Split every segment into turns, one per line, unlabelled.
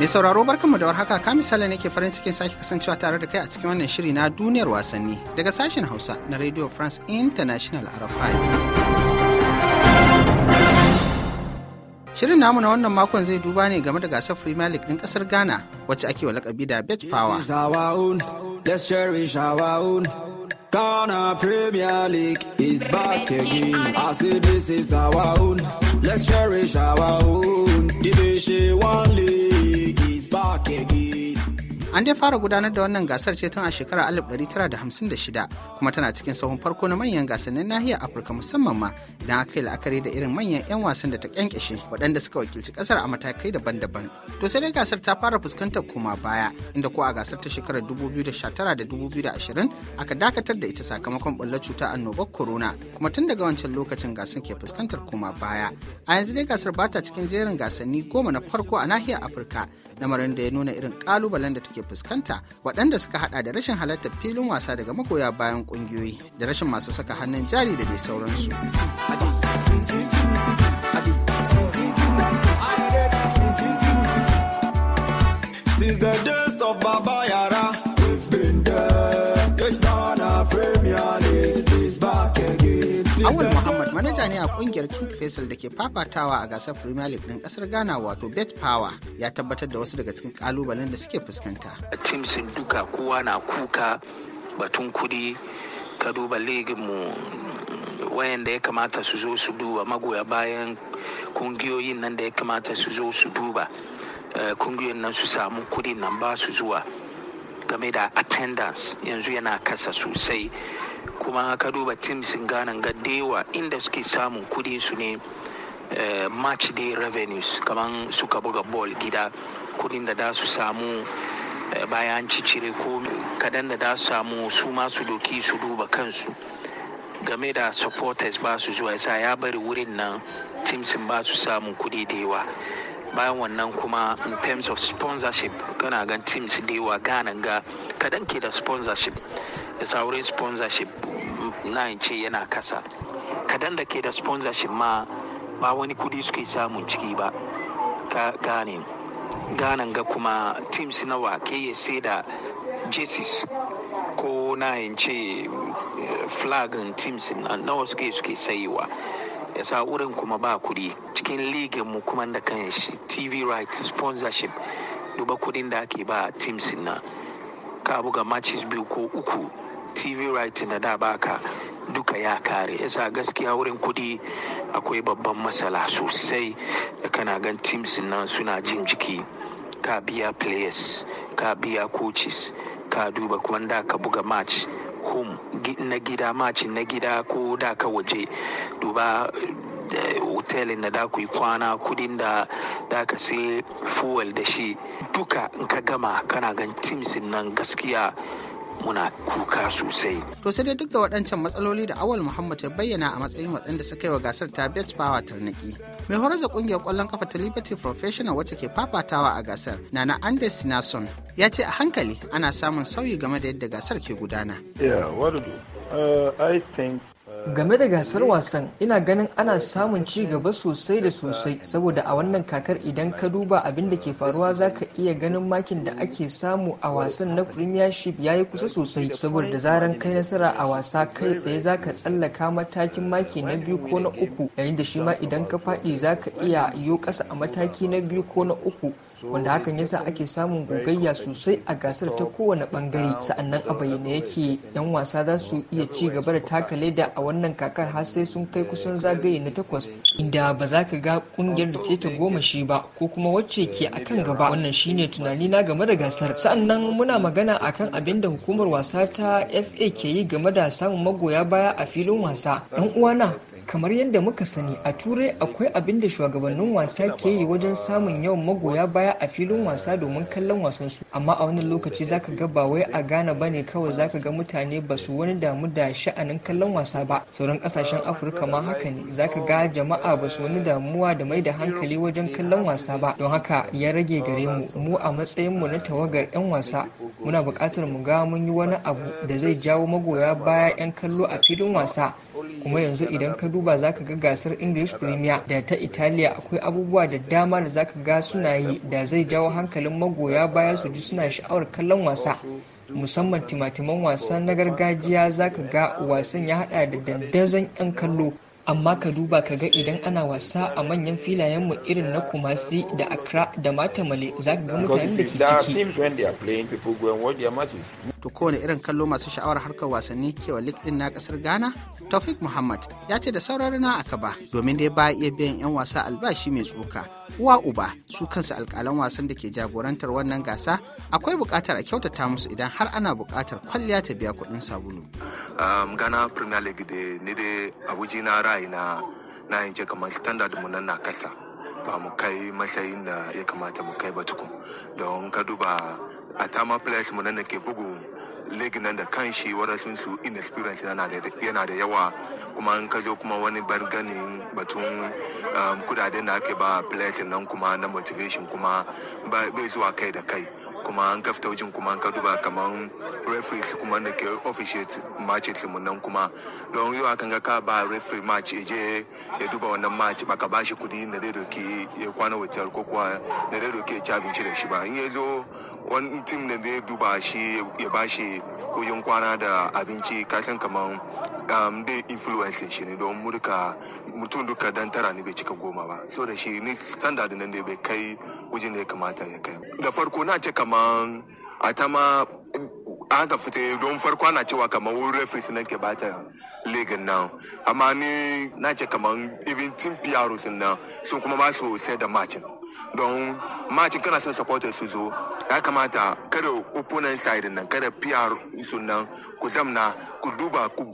Mai sauraro barkanmu da warhaka ka misali nake farin cikin sake kasancewa tare da kai a cikin wannan shiri na duniyar wasanni daga sashen Hausa na Radio France International RFI. Shirin namu na wannan makon zai duba ne game da gasar Premier League ɗin kasar Ghana wacce ake wa lakabi da Bet Power.
Ghana Premier League is back again. I say this is our own. Let's cherish our own. Division
One League. An dai fara gudanar da wannan gasar ce tun a shekarar 1956 kuma tana cikin sahun farko na manyan gasannin nahiyar Afirka musamman ma idan aka yi la'akari da irin manyan 'yan wasan da ta kyankyashe waɗanda suka wakilci ƙasar a matakai daban-daban. To sai dai gasar ta fara fuskantar koma baya inda ko a gasar ta shekarar 2019 da 2020 aka dakatar da ita sakamakon ɓullar cuta annobar corona kuma tun daga wancan lokacin gasar ke fuskantar koma baya. A yanzu dai gasar bata cikin jerin gasanni goma na farko a nahiyar Afirka lamarin da ya nuna irin kalubalen da take fuskanta waɗanda suka hada da rashin halartar filin wasa daga magoya bayan ƙungiyoyi da rashin masu saka hannun jari da dai sauransu.
Since the days of Baba
ne a kungiyar King Faisal da ke fafatawa a gasar Premier League din kasar Ghana wato Bet Power ya tabbatar da wasu daga cikin kalubalen da suke fuskanta.
sun duka kowa na kuka batun kudi ka duba mu wayanda ya kamata su zo su duba magoya bayan kungiyoyin nan da ya kamata su zo su duba eh, kungiyoyin nan su samu kudin nan ba su zuwa. game da attendance yanzu yana kasa sosai kuma ka duba teams ganan ga dewa inda suke samun kudi su ne eh, match day revenues kamar suka buga ball gida kudin da da su samu eh, bayan cicire ko kadan da da su samu su masu doki su duba kansu game da supporters ba su zuwa ya bari wurin nan teams ba su samun kudi da yawa bayan wannan kuma in terms of sponsorship kana gan teams da yawa ghana ga kadan ke da sponsorship saurin sponsorship na ce yana kasa kadan da ke da sponsorship ma ba wani kudi suke samun ciki ba ka gane ganan ga kuma teams nawa ke ya sai da jesus ko na ce eh, flag teams nawa suke suke sayewa ya sa wurin kuma ba kuɗi cikin ligin mu kuma da kan shi tv rights sponsorship duba kuɗin da ake ba teams na ka buga matches biyu ko uku tv rights na da baka duka ya kare yasa gaskiya wurin kuɗi akwai babban matsala sosai da kana gan teams nan suna jin jiki ka biya players ka biya coaches ka duba kuma da ka buga match home na gida maci na gida ko da ka waje duba eh, hotelin da da ku yi kwana kudin da da ka sai fuel da shi duka in ka gama kana gan teams nan gaskiya
muna kuka sosai. To sai dai duk da waɗancan matsaloli da awal Muhammad ya bayyana a matsayin waɗanda suka yi wa gasar ta Bet Power tarnaki. Mai horar da ƙungiyar ƙwallon kafa ta Liberty Professional wacce ke fafatawa a gasar, Nana Andes Sinason, ya ce a hankali ana samun sauyi game da yadda gasar ke gudana.
Yeah, what do? Uh, I think game da gasar wasan ina ganin ana samun ci gaba sosai da sosai saboda a wannan kakar idan ka duba abin da ke faruwa za ka iya ganin makin da ake samu a wasan na premiership ya yi kusa sosai saboda zaran kai nasara a wasa kai tsaye za ka tsallaka matakin maki na biyu ko na uku yayin da shi ma idan ka faɗi za ka iya yo kasa a mataki na biyu ko na uku wanda hakan yasa ake samun gogayya sosai a gasar ta kowane bangare sa'annan a bayyane yake yan wasa za su iya ci gaba da taka leda a wannan kakar har sai sun kai kusan zagaye na takwas inda ba za ka ga kungiyar da ta goma shi ba ko kuma wacce ke akan gaba wannan shine tunani na game da gasar sa'annan muna magana akan abin da hukumar wasa ta FA ke yi game da samun magoya baya a filin wasa dan uwana kamar yadda muka sani a turai akwai abin da shugabannin wasa ke yi wajen samun yawan magoya baya a filin wasa domin kallon wasan su amma a wannan lokaci zaka ga ba wai a gane bane kawai zaka ga mutane ba su wani damu da sha'anin kallon wasa ba sauran kasashen afirka ma haka ne zaka ga jama'a ba su wani damuwa da mai da hankali wajen kallon wasa ba don haka ya rage gare mu mu a matsayin mu na tawagar 'yan wasa muna buƙatar mu ga mun yi wani abu da zai jawo magoya baya 'yan kallo a filin wasa kuma yanzu idan ka duba zaka ga gasar english premier da ta italiya akwai abubuwa da dama da zaka ga suna yi da zai jawo hankalin magoya baya su ji suna sha'awar kallon wasa musamman timatiman wasa na gargajiya zaka ga wasan ya haɗa da dandazon 'yan kallo amma ka duba ka ga idan ana wasa a manyan filayenmu irin na kumasi da accra da matamale za ka ga mutanen da
ke ciki
to kowane irin kallo masu sha'awar harkar wasanni kewa lig din na kasar ghana Tofik muhammad ya ce da sauran na aka ba domin dai ba iya biyan yan wasa albashi mai tsoka uwa uba su kansu alkalan wasan da ke jagorantar wannan gasa akwai buƙatar a kyautata musu idan har ana buƙatar kwalliya ta biya kuɗin sabulu.
Um, Gana Premier League da ni try na na yin ce kamar standard mu nan na kasa ba mu kai matsayin da ya kamata mu kai ba tukun don ka duba a tama players mu nan ke bugu leg nan da kan shi sun su inexperience yana da yawa kuma in ka zo kuma wani barganin batun um, kudaden da ake ba players nan kuma na motivation kuma bai zuwa kai da kai kuma an kafta wajen kuma an ka duba kamar referee kuma na ke officiate match mun nan kuma don yau akan ga ka ba referee match je ya duba wannan match baka ba shi kudi na dai doki ya kwana hotel ko kuwa na dai doki ya ci abinci da shi ba in ya zo wani team da zai duba shi ya ba shi kujin kwana da abinci kasan kamar um, dai influence shi ne don murka mutum duka dan tara ne bai cika goma ba saboda shi ni standard nan da bai kai wajen da ya kamata ya kai da farko na ce kaman a ta ma an ta fita don farko ana cewa kaman wurin refis nan ke bata legan nan amma ni na ce kaman even team pr sun nan sun kuma ba su sai da match don match kana son supporters su zo ya kamata kada opponent side nan kada PR sunan ku zamna ku duba ku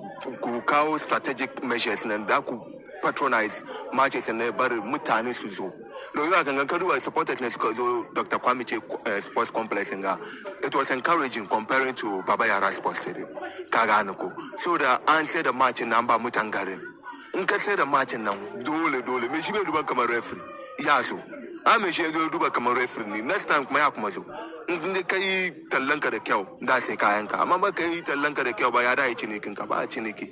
kawo strategic measures nan da ku patronize matches na bari mutane su zo loyola gangan kaduwa supporters na suka zo dr ce eh, sports complex nga it was encouraging comparing to baba yara sports stadium ka gane ko so da an sai da match nan ba mutan garin in ka sai da match nan dole dole me shi bai duba kamar referee ya so Amin shi ya duba kamar referee ne. Next time kuma ya kuma zo In ka yi ka da kyau da sai kayanka. Amma ba ka yi ka da kyau ba ya da cinikin ka ba a ciniki.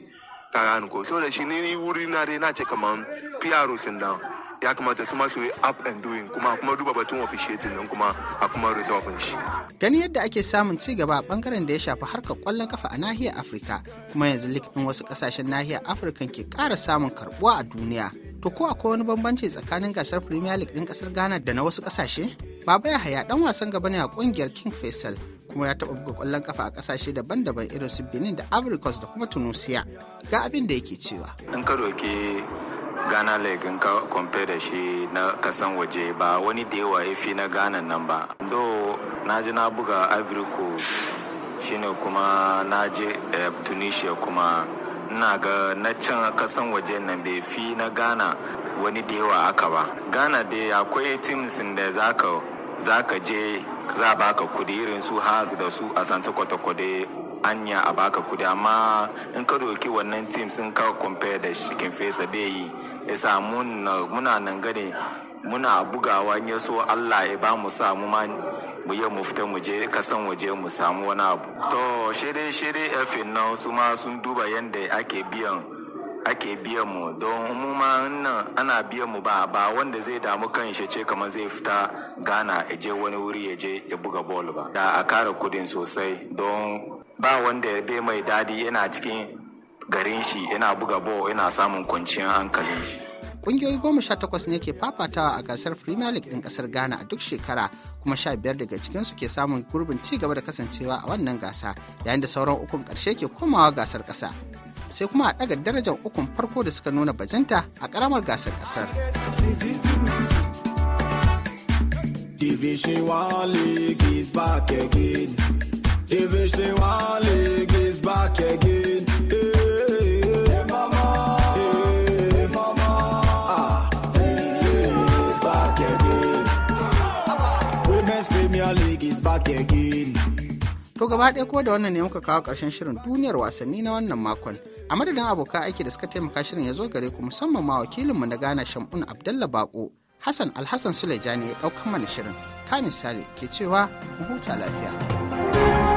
Ka gane ko. So da shi ni wuri na dai na ce kamar PRO sun da ya kamata su masu up and doing kuma kuma duba batun officiating din kuma a kuma resolve shi.
Gani yadda ake samun ci gaba a bangaren da ya shafi harkar kwallon kafa a nahiyar Afirka kuma yanzu likin wasu kasashen nahiyar Afirka ke ƙara samun karbuwa a duniya. To ko akwai wani bambanci tsakanin gasar Premier League ɗin ƙasar Ghana da na wasu ƙasashe? Baba Yahaya ɗan wasan gaba ne a ƙungiyar King Faisal kuma ya taɓa buga ƙwallon kafa a ƙasashe daban-daban irin su Benin da Ivory Coast da kuma Tunisia. Ga abin da yake cewa.
In ka doki Ghana League in ka compare da shi na kasan waje ba wani da yawa ya na Ghana nan ba. Do na ji na buga Ivory Coast shine kuma na je eh, Tunisia kuma na ga na can kasan waje nan bai fi na ghana wani da yawa aka ba ghana da akwai teams da za ka je za a baka kudi irin su has da su a asante kwatakwade anya a baka kudi amma in ka doki wannan team sun ka compare da shikin fesa bai yi isa muna nan gane muna bugawa ya so allah ya ba mu samu ma mu yi mu fita mu je kasan waje mu samu wani abu to shede shede efin nan su ma sun duba yadda ake biyan ake biyan mu don umuma nan ana biyan mu ba ba wanda zai damu kan shi ce kamar zai fita gana ya je wani wuri ya je ya buga bol ba da a kara kudin sosai don ba wanda ya be mai dadi yana cikin garin shi yana buga bol yana samun kwanciyar hankalin shi
Ƙungiyoyi goma sha takwas ne ke fafatawa a gasar Premier League ɗin ƙasar Ghana a duk shekara kuma sha biyar daga cikinsu ke samun gurbin ci gaba da kasancewa a wannan gasa yayin da sauran ukun ƙarshe ke komawa gasar ƙasa. Sai kuma a ɗaga darajar ukun farko da suka nuna bajinta a karamar gasar ƙasar.
Division League is back again. Division League.
gaba ɗaya ko da wannan ne muka kawo ƙarshen shirin duniyar wasanni na wannan makon. A madadin abokan aiki da suka taimaka shirin ya zo gare ku musamman ma wakilinmu na Ghana Shamun Abdallah Bako, Hassan Alhassan Sulejani ya ɗaukan mana shirin. kani Sale ke cewa mu huta lafiya.